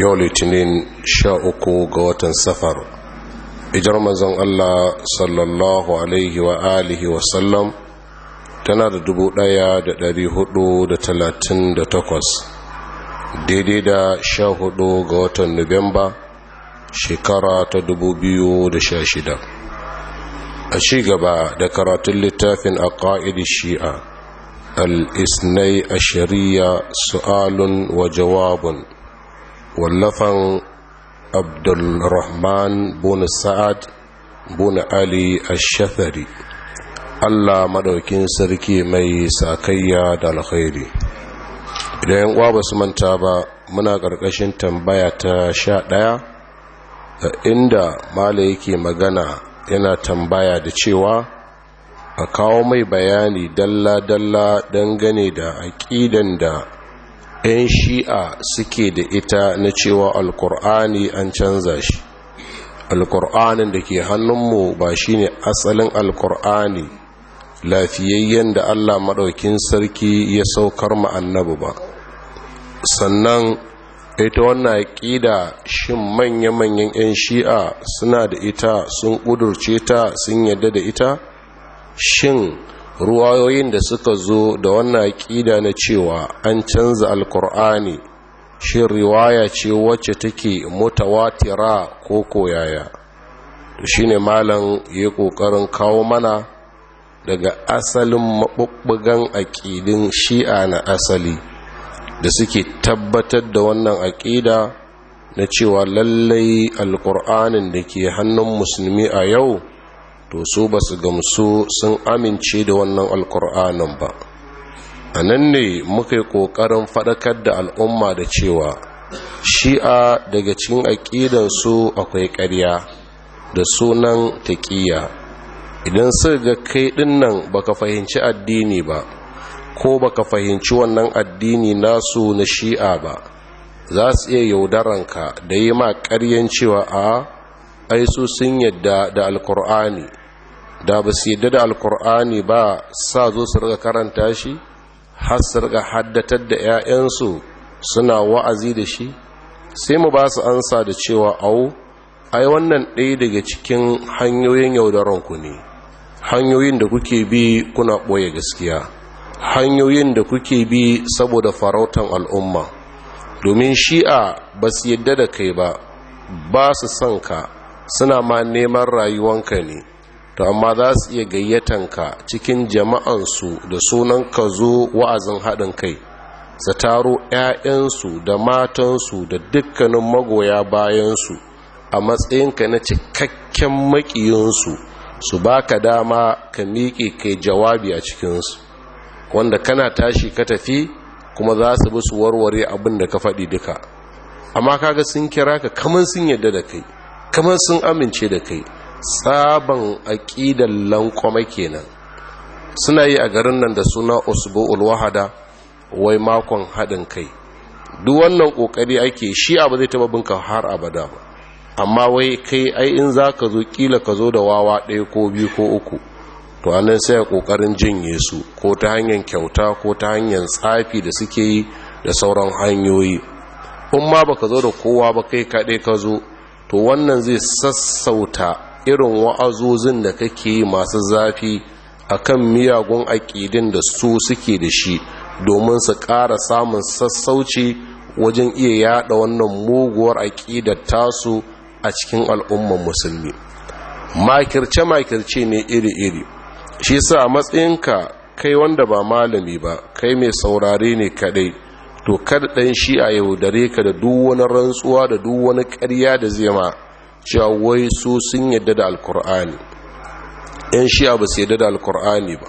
yau litinin sha uku ga watan safar ijar mazan Allah sallallahu alaihi wa alihi wa sallam tana da dubu daya da dari hudu da talatin da takwas daidai da sha hudu ga watan nuwamba shekara ta dubu biyu da sha shida a ci gaba da karatun littafin a ƙa'idin shi'a الاثني عشرية سؤال وجواب واللفن عبد الرحمن بن سعد بن علي الشفري Allah madaukin sarki mai sakayya da alkhairi idan uwa ba su manta ba muna ƙarƙashin tambaya ta sha ɗaya inda mala yake magana yana tambaya da cewa a kawo mai bayani dalla-dalla dangane da aƙidan da 'yan shi'a suke da ita na cewa alkur'ani an canza shi alkur'anin da ke hannunmu ba shi ne asalin alkur'ani lafiyayyen da allah maɗaukin sarki ya saukar ma'annabu ba sannan ita wannan aƙida shin manya-manyan 'yan shi'a suna da ita sun ƙudurce ta sun yadda da ita shin ruwayoyin da suka zo da wannan aƙida na cewa an canza alkur'ani shi riwaya ce wacce take mutawatira ko koyaya to shine malam ya ƙoƙarin kawo mana daga asalin mabubbugan aƙidin shi'a na asali da suke tabbatar da wannan aƙida na cewa lallai Alƙur'anin da ke hannun musulmi a yau to su ba su gamsu sun amince da wannan alkur'anin ba a nan ne muka yi ƙoƙarin faɗakar da al'umma da cewa shi'a daga cikin aƙidansu akwai ƙarya da sunan taƙiyya idan suka ga kai ɗinnan baka fahimci addini ba ko baka fahimci wannan addini nasu na shi'a ba za su iya yaudaranka da yi ma ƙaryan cewa a ai su sun yadda da alkur'ani da ba su yadda da alkur'ani ba sa zo su riga karanta shi har su riga haddatar da 'ya'yansu suna wa'azi da shi sai mu ba su ansa da cewa au ai wannan ɗaya daga cikin hanyoyin yaudaranku ne hanyoyin da kuke bi kuna ɓoye gaskiya hanyoyin da kuke bi saboda farautan al'umma domin shi'a ba su yadda da kai ba ba su son ka suna ma neman rayuwanka ne to amma za su iya gayyatanka cikin jama'ansu da sunan ka zo wa'azin haɗin kai su taro 'ya'yansu da matansu da dukkanin magoya bayansu a matsayinka na cikakken maƙiyinsu su ba ka dama ka miƙe kai jawabi a cikinsu wanda kana tashi ka tafi kuma za su bi su warware abin da ka faɗi duka amma kaga sun kira ka kamar sun yadda da kai kamar sun amince da kai tsaban aƙidar lankwama kenan suna yi a garin nan da suna osbo ulwahada wai makon haɗin kai duk wannan ƙoƙari ake shi abu zai taɓa binka har abada ba amma wai kai ai in za ka zo ƙila ka zo da wawa ɗaya ko biyu ko uku to anan sai ƙoƙarin jinye su ko ta hanyar kyauta ko ta hanyar tsafi da suke yi da sauran hanyoyi in ma ka zo da kowa ba kai kaɗai ka zo to wannan zai sassauta irin wa'azozin da kake masu zafi a kan miyagun aƙidin da su suke da shi domin su ƙara samun sassauci wajen iya yada wannan muguwar aƙidar tasu a cikin al'umman musulmi makirce-makirce ne iri-iri shi sa matsayinka kai wanda ba malami ba kai mai saurare ne kadai to kada ɗan shi a yaudare ka da duk wani rantsuwa da duk wani ƙarya da zai ma cewa wai su sun yadda da alkur'ani yan shi'a ba su yadda da alkur'ani ba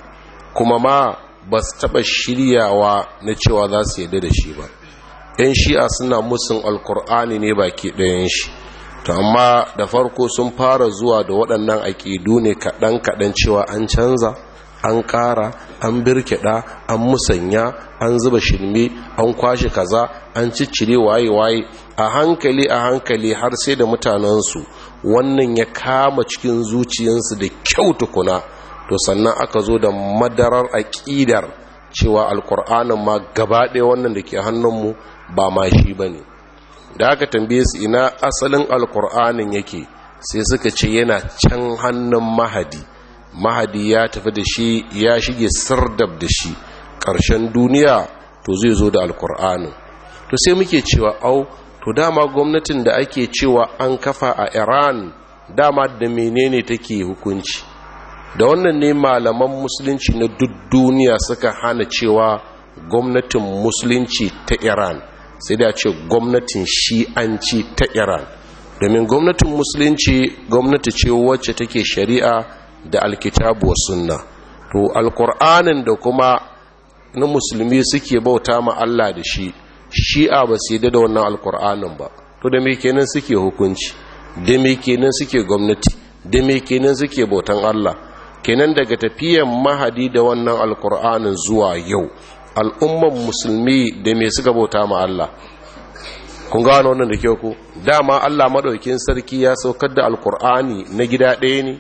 kuma ma ba su taɓa shiryawa na cewa za su yadda da shi ba yan shi'a suna musun alkur'ani ne baki ɗayan shi to amma da farko sun fara zuwa da waɗannan aƙidu ne kaɗan-kaɗan cewa an canza an ƙara an birkiɗa an musanya an zuba shirme an kwashe kaza an ciccire waye-waye a hankali a hankali har sai da mutanensu wannan ya kama cikin zuciyarsu da kyau tukuna to sannan aka zo da madarar aƙidar cewa alkur'anin ma gaba ɗaya wannan da ke hannunmu ba ma shi ba ne da aka tambaye su ina asalin alkur'anin yake sai suka ce yana can hannun mahadi mahadi ya tafi da shi ya shige sardab da shi ƙarshen duniya to zai zo da alkur'anin to sai muke cewa au to dama gwamnatin da ake cewa an kafa a iran dama da menene take hukunci da wannan ne malaman musulunci na duk duniya suka hana cewa gwamnatin musulunci ta iran sai da ce gwamnatin shi'anci ta iran domin gwamnatin musulunci gwamnati ce wacce take shari'a da alkitabu wa sunna to alkur'anin da kuma na musulmi suke bauta ma Allah da shi shi'a ba su yi da wannan alkur'anin ba to da me kenan suke hukunci da me kenan suke gwamnati da me kenan suke bautan Allah kenan daga tafiyan mahadi da wannan alkur'anin zuwa yau al'umman musulmi da me suka bauta ma Allah kun gano wannan da kyau ku dama Allah madaukin sarki ya saukar da alkur'ani na gida ɗaya ne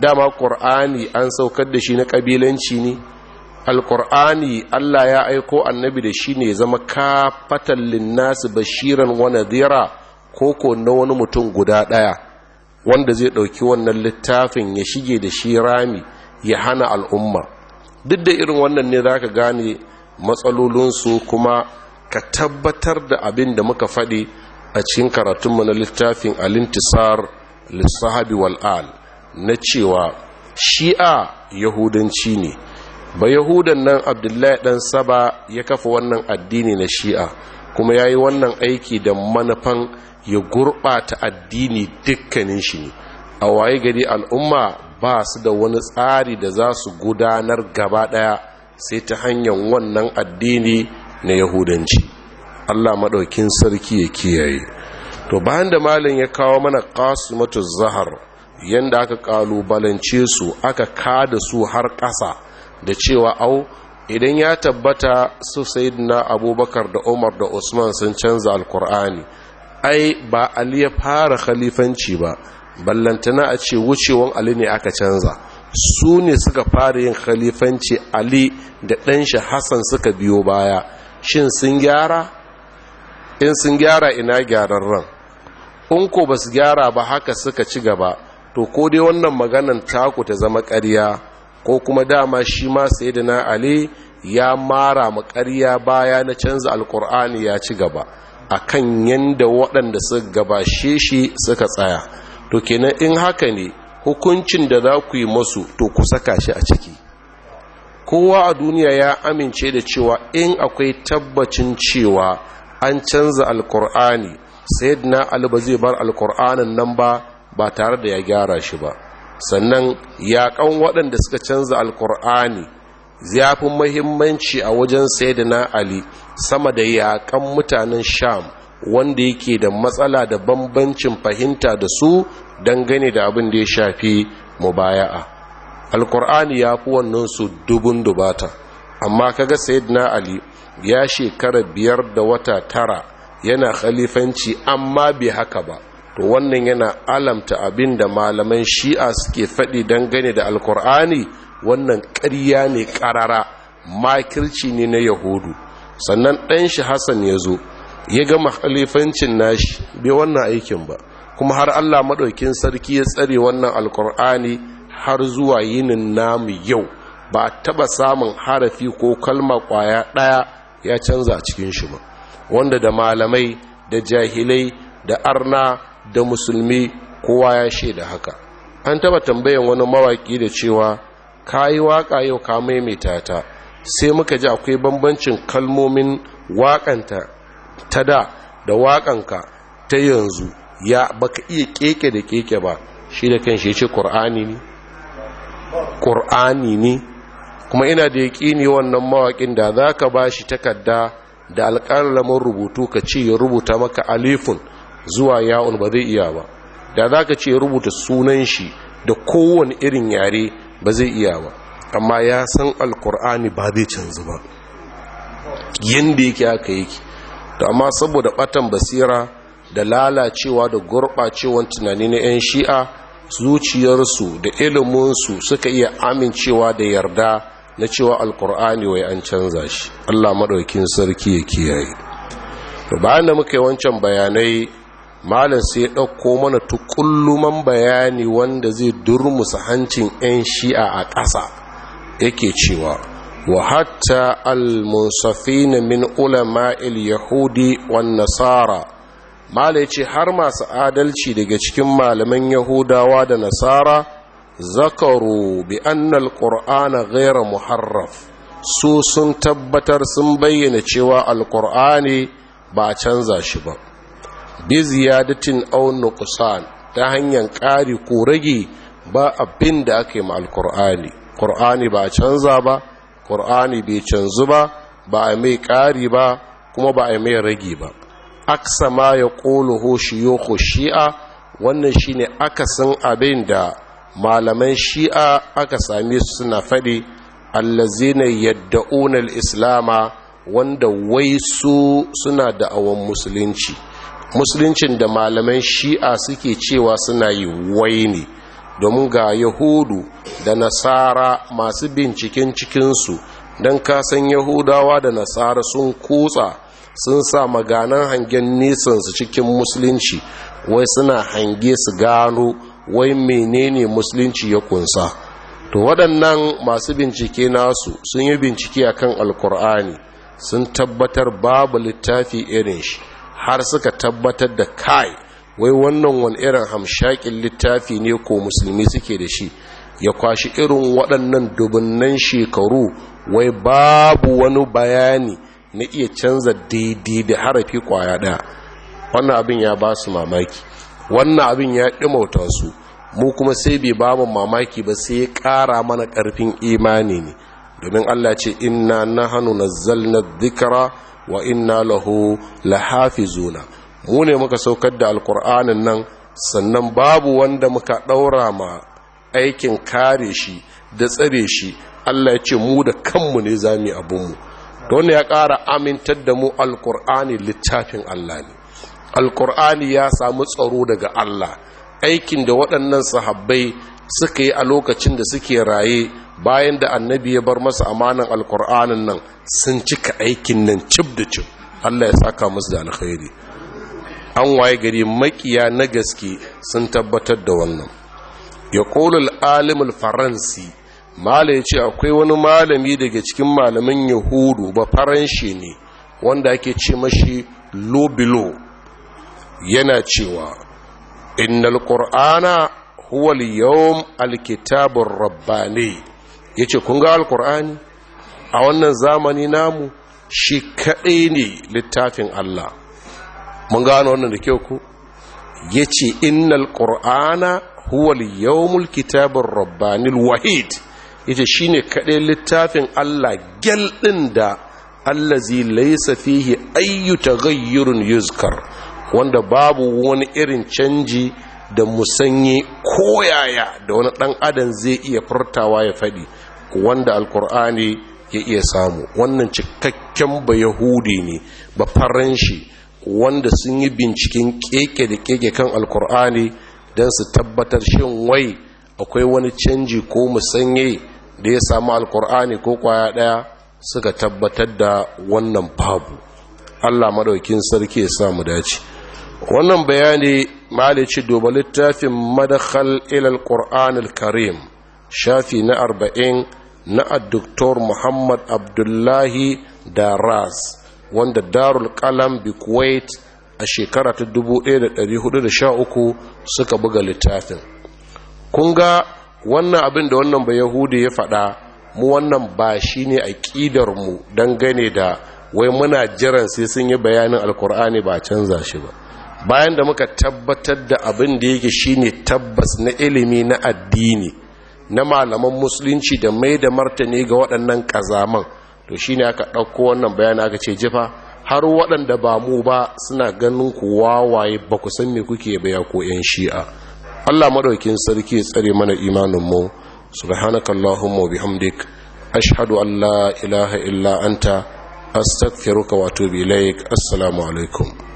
dama ƙur'ani an saukar da shi na kabilanci ne alƙur'ani allah ya aiko annabi da shi ne zama kafatan linnasu bashiran wa nadira ko na wani mutum guda ɗaya wanda zai ɗauki wannan littafin ya shige da shi rami ya hana al'umma duk da irin wannan ne za ka gane matsalolinsu kuma ka tabbatar da abin da muka faɗi a cikin karatunmu na littafin alintisar lissahabi wal'al na cewa shi'a yahudanci ne ba yahudan nan abdullahi dan saba ya kafa wannan addini na shi'a kuma ya yi wannan aiki da manufan ya gurɓata addini dukkanin shi ne a waye gari al'umma ba su da wani tsari da za su gudanar gaba ɗaya sai ta hanyar wannan addini na yahudanci allah maɗaukin sarki ya kiyaye to bayan da malin ya kawo mana kasu ƙasu zahar yanda aka kalubalance su aka kada su har ƙasa da cewa au idan ya tabbata su na abubakar da umar da usman sun canza alkur'ani ai ba ali ya fara khalifanci ba ballantana a ce wucewan ali ne aka canza su ne suka fara yin khalifanci ali da ɗanshi hassan suka biyo baya shin sun gyara in sun gyara ina gyararren? ran in ko ba su gyara ba haka suka ci gaba to ko dai wannan maganan taku ta zama ƙarya ko kuma dama shi ma sai da na ali ya mara ma ƙarya baya na canza alkur'ani ya ci gaba a kan yadda waɗanda suka gabashe shi suka tsaya to kenan in haka ne hukuncin da za ku yi masu to ku saka shi a ciki kowa a duniya ya amince da cewa in akwai tabbacin cewa an canza alkur'ani sayyidina ali ba zai bar alkur'anin nan ba ba tare da ya gyara shi ba sannan yaƙan waɗanda suka canza alkur'ani ya mahimmanci a wajen sayyidina ali sama da yaƙan mutanen sham wanda yake da matsala da bambancin fahimta da su dangane da abin da ya shafi mubaya'a alkur'ani ya fi wannan su dubun dubata amma kaga sayyidina ali ya shekara biyar da wata tara yana khalifanci amma bai haka ba to wannan yana alamta abin da malaman shi'a suke faɗi gane da alkur'ani wannan ƙarya ne ƙarara makirci ne na yahudu sannan ɗan shi hassan ya zo ya gama halifancin nashi bai wannan aikin ba kuma har allah maɗaukin sarki ya tsare wannan alkur'ani har zuwa yinin namu yau ba taɓa samun harafi ko kalma ƙwaya ɗaya ya canza cikin shi ba wanda da malamai da jahilai da arna da musulmi kowa ya shaida haka an taba tambayan wani mawaki da cewa ka yi waƙa yau ka maimaita ta sai muka ji akwai bambancin kalmomin wak'anta ta da da wak'anka ta yanzu ya baka iya keke da keke ba shi da kan shi ce ƙur'ani ne ƙur'ani ne kuma ina da yaƙini wannan mawaƙin da za ka ba takarda da alƙalamin rubutu ka ce ya rubuta maka alifun zuwa yawon ba zai iya ba da za ka ce rubuta sunan shi da kowane irin yare ba zai iya ba amma ya san alkur'ani ba zai canzu ba yadda yake aka yake to amma saboda batan basira da lalacewa da gurɓacewan tunani na 'yan shi'a zuciyarsu da iliminsu suka iya amincewa da yarda na cewa alkur'ani wai an canza shi allah maɗaukin sarki ya kiyaye bayan da muka yi wancan bayanai malam sai ya ɗauko mana tukulluman bayani wanda zai durmusa hancin 'yan shi'a a ƙasa yake cewa wa hatta al-munsafina min ulama il-yahudi wan nasara malam ce har masu adalci daga cikin malaman yahudawa da nasara zakaru bi annal qur'ana ghayra muharraf su sun tabbatar sun bayyana cewa al-qur'ani ba canza shi ba bi ziyadatin aw nuqsan ta hanyar ƙari ko rage ba abin da aka yi ma alkur'ani ƙur'ani ba canza ba ƙur'ani bai canzu ba ba a mai ƙari ba kuma ba a mai rage ba aksa ma ya ƙolo ho shi'a wannan shine akasin abin da malaman shi'a aka same su suna faɗi allazina yadda'una islama wanda wai su suna da'awan musulunci musuluncin da malaman shi'a suke cewa suna yi wai ne domin ga yahudu da nasara masu binciken cikinsu don kasan yahudawa da nasara sun kutsa sun sa maganan hangen nesansu cikin musulunci wai suna hange su gano wai menene musulunci ya kunsa to waɗannan masu bincike nasu sun yi bincike akan alkur'ani sun tabbatar babu littafi irin shi har suka tabbatar da kai wai wannan wani irin hamshakin littafi ne ko musulmi suke da shi ya kwashi irin waɗannan dubunnan shekaru wai babu wani bayani na iya canza daidai da harafi kwaya ɗaya wannan abin ya ba su mamaki wannan abin ya ɗimauta su mu kuma sai bai ba mu mamaki ba sai ya ƙara mana ƙarfin imani ne domin allah ce inna na hannu na zalna zikara wa inna lahu lahafizuna mu ne muka saukar da alkur'anin nan sannan babu wanda muka ɗaura ma aikin kare shi da tsare shi Allah ya ce mu da kanmu ne za mu abinmu don ya ƙara amintar da mu alkur'ani littafin Allah ne alkur'ani ya samu tsaro daga Allah aikin da waɗannan sahabbai suka yi a lokacin da suke raye bayan da annabi ya bar masa amanan alkur'anin nan sun cika aikin nan cib da cib Allah ya saka musu da alkhairi an waye gari makiya na gaske sun tabbatar da wannan ya kolul alimul faransi mala ya ce akwai wani malami daga cikin malamin yahudu ba faranshi ne wanda ake ce mashi lobilo yana cewa innal qur'ana huwa al-yawm al rabbani ya ce kun ga alkur'ani a wannan zamani namu shi kaɗai ne littafin Allah mun gano wannan da kyau ku ya ce innal ƙur'ana huwal yawmul kitabin rabbanil wahid ya ce shi ne kaɗai littafin Allah gyalɗin da allazi laisa fihi ayyuta gayyurin yuzkar wanda babu wani irin canji da musanyi koyaya da wani ɗan adam zai iya furtawa ya faɗi wanda alkur'ani ya iya samu wannan cikakken ba yahudi ne ba faran shi wanda sun yi binciken keke da keke kan alkur'ani don su tabbatar shin wai akwai wani canji ko musanye da ya samu alkur'ani ko kwaya daya suka tabbatar da wannan babu allah madaukin sarki ya samu dace wannan bayani malici duba littafin madakhal ilal al karim shafi na arba'in na addoktor muhammad abdullahi ras wanda darul kalam bi a shekara ta 1413 suka buga littafin kun ga wannan abin da wannan ba yahudi ya faɗa mu wannan ba shi ne a mu dangane da wai muna jiran sai sun yi bayanin alkur'ani ba canza shi ba bayan da muka tabbatar da abin da yake shine tabbas na ilimi na addini na malaman musulunci da mai da martani ga waɗannan ƙazaman to shi ne aka ɗauko wannan bayan aka ce jifa har waɗanda ba mu ba suna ganin ku wawaye ba ku san me kuke baya ko 'yan shi'a allah maɗaukin sarki tsare mana imaninmu subhanakallahumma bihamdik ashhadu an la ilaha illa anta astaghfiruka wa atubu ilaik assalamu alaikum